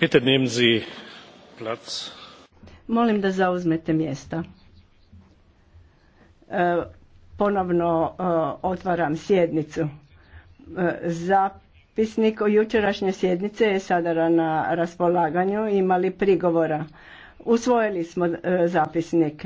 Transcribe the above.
Bitte nehmen Molim da zauzmete mjesta. E, ponovno e, otvaram sjednicu. E, zapisnik o jučerašnje sjednice je sada na raspolaganju. Imali prigovora. Usvojili smo zapisnik.